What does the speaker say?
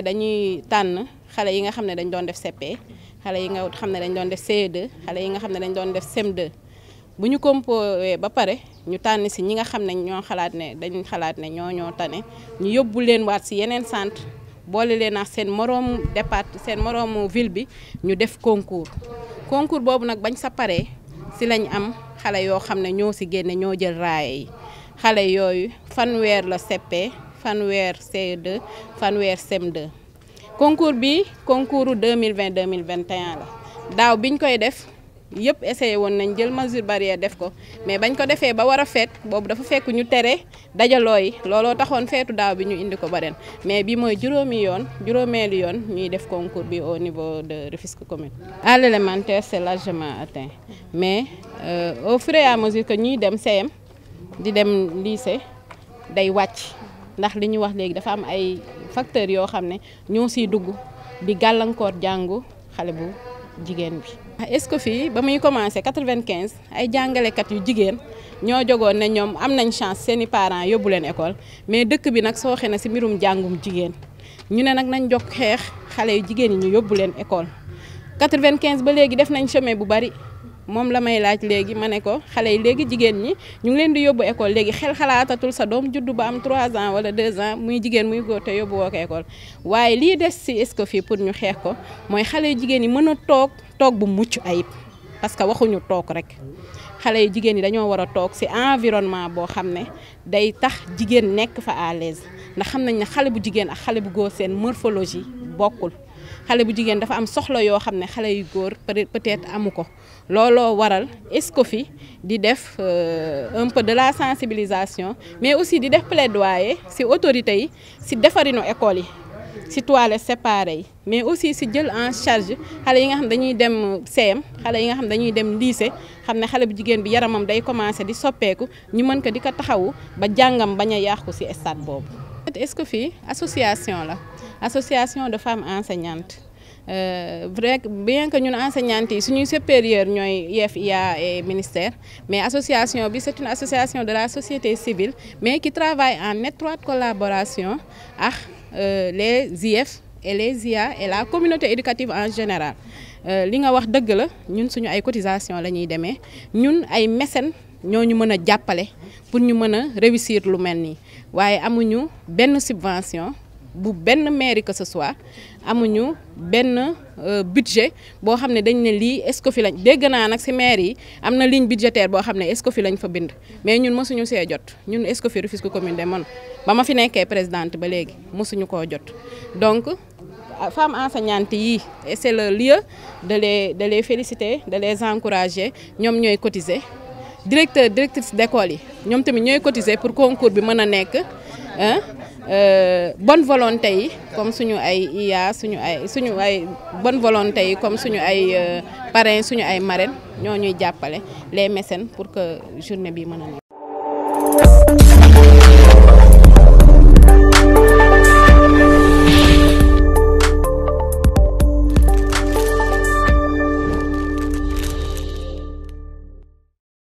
ne dañuy tànn xale yi nga xam ne dañ doon def seppe xale yi nga xam ne dañ doon def CE2 xale yi nga xam ne dañ doon def cm e bu ñu composé ba pare ñu tànn si ñi nga xam ne ñoo xalaat ne dañ xalaat ne ñoo ñoo tane ñu yóbbu leen waat si yeneen centre boole leen ak seen moroomu départ seen moroomu ville bi ñu def concours concours boobu nag bañ sa pare si lañ am xale yoo xam ne ñoo si génne ñoo jël raaye yi xale yooyu fanweer la seppe fanweer ce fanweer CM2 e concours bi concours 2020 2021 la daaw biñ koy def yépp essayé won nañ jël mesure barrière def ko mais bañ ko defee ba wara a bobu dafa fekk ñu téré dajaloo yi looloo taxoon feetu daaw bi ñu indi ko ba mais bi moy juroomi yoon juróomeelu yoon ñuy def concours bi au niveau de Rufisque commune. à l'élémentaire c'est largement atteint mais euh, au fur et à mesure que ñuy dem CM di dem lycée day wacc ndax li ñu wax léegi dafa am ay facteurs yoo xam ne ñoo si dugg di gàllankoor jàngu xale bu jigéen bi. Ah, est-ce que fii ba muy commencé quatre-vingt-quinze ay jàngalekat yu jigéen ñoo jogoon ne ñoom am nañ chance seeni parents yóbbu leen école mais dëkk bi nag sooxe na si mbirum jàngum jigéen ñu ne nag nañ jog xeex xale yu jigéen yi ñu yóbbu leen école quatre vingt ba léegi def nañ chemin bu bari. moom la may laaj léegi ma ne ko xale yi léegi jigéen ñi ñu ngi leen di yóbbu école léegi xel xalaatatul sa doom juddu ba am 3 ans wala 2 ans muy jigéen muy góor te yóbbu woo ko école waaye lii des si est-ce que fii pour ñu xeex ko mooy xale yu jigéen yi mën a toog toog bu mucc ayib parce que waxuñu toog rek xale yu jigéen yi dañoo war a toog si environnement boo xam ne day tax jigéen nekk fa à l'aise ndax xam nañ ne xale bu jigéen ak xale bu góor seen morphologie bokkul xalé bu jigen dafa am soxla yo xam xalé yu góor peut-être amuko lolo waral Escofi di def euh, un peu de la sensibilisation mais aussi di def plaidoyer ci autorité yi ci defarinu école yi ci toilettes séparées mais aussi ci jël en charge xalé yi nga xam dañuy dem CM xalé yi nga xam dañuy dem lycée xam xalé bu jigen bi yaramam day commencer di soppeku ñu mën ko di taxawu ba jangam baña a ci stade que fi association la. association de femmes enseignantes euh, vrai bien que ñun enseignantes nous sommes supérieurs, nous, IFIA et ministère mais association bi c'est une association de la société civile mais qui travaille en étroite collaboration avec euh, les IF et les IA et la communauté éducative en général Ce euh, que wax dëgg la ñun suñu ay cotisation nous des cotisations ñun nous mécènes des pour ñu réussir lu avons nous waaye amuñu subvention bu benn mairie que ce soit amuñu benn euh, budget boo xam ne dañ ne lii est-ce fi lañ dégg naa nag si mairie yi am na ligne budgétaire boo xam ne est-ce fi lañ fa bind mais ñun mosuñu see jot ñun est-ce que fi Rufisque commune de man ba ma fi nekkee présidente ba léegi mosuñu koo jot donc ah, femmes enseignantes yi est c'est le lieu de les de les féliciter de les encourager ñoom ñooy cotiser directeur directrice d'école yi ñoom tamit ñooy cotiser pour concours bi mën a nekk Euh, bonne volonté yi comme suñu ay IA suñu ay suñu ay bonne volonté yi comme suñu ay euh, parrains suñu ay marraines ñoo ñuy jàppale les mécènes pour que journée bi mën a